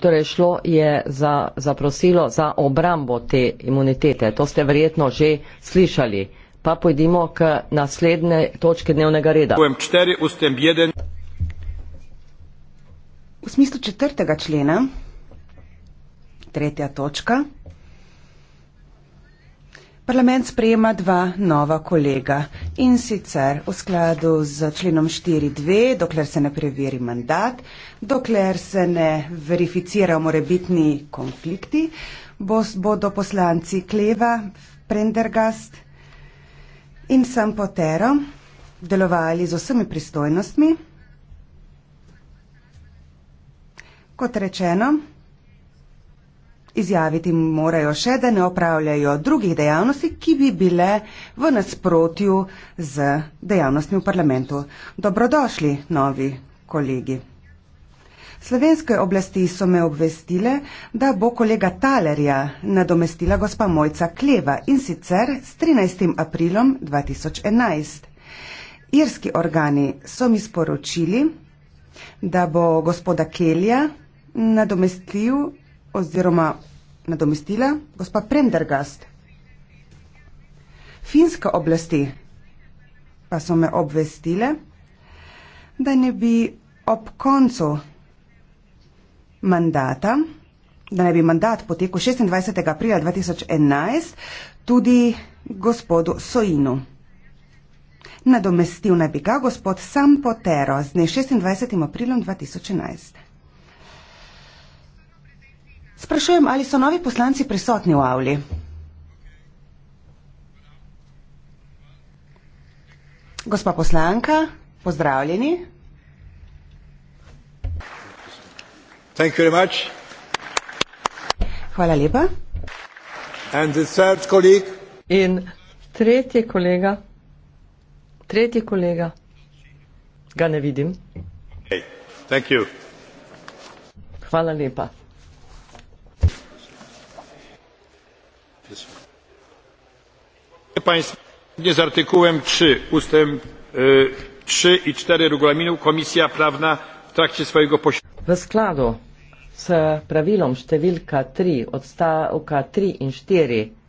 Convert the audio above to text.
Torej šlo je za zaprosilo za obrambo te imunitete. To ste verjetno že slišali. Pa pojdimo k naslednje točke dnevnega reda. V smislu četrtega člena, tretja točka, Parlament sprejema dva nova kolega in sicer v skladu z členom 4.2, dokler se ne preveri mandat, dokler se ne verificirajo morebitni konflikti, bos, bodo poslanci Kleva, Prendergast in sam Potero delovali z vsemi pristojnostmi. Kot rečeno, Izjaviti morajo še, da ne opravljajo drugih dejavnosti, ki bi bile v nasprotju z dejavnostmi v parlamentu. Dobrodošli, novi kolegi. Slovenske oblasti so me obvestile, da bo kolega Talerja nadomestila gospa Mojca Kleva in sicer s 13. aprilom 2011. Irski organi so mi sporočili, da bo gospoda Kelja nadomestil oziroma nadomestila gospa Prendergast. Finske oblasti pa so me obvestile, da ne bi ob koncu mandata, da ne bi mandat potekel 26. aprila 2011 tudi gospodu Soinu. Nadomestil naj bi ga gospod Sam Potero z dne 26. aprilom 2011. Sprašujem, ali so novi poslanci prisotni v avli? Gospa poslanka, pozdravljeni. Thank you very much. Hvala lepa. And the third colleague. In tretje kolega, tretje kolega, ga ne vidim. Hey, thank you. Hvala lepa. zgodnie z artykułem trzy ustęp trzy i cztery regulaminu komisja prawna w trakcie swojego posiedzenia w z prawilą sztywilka trzy odstałka trzy i cztery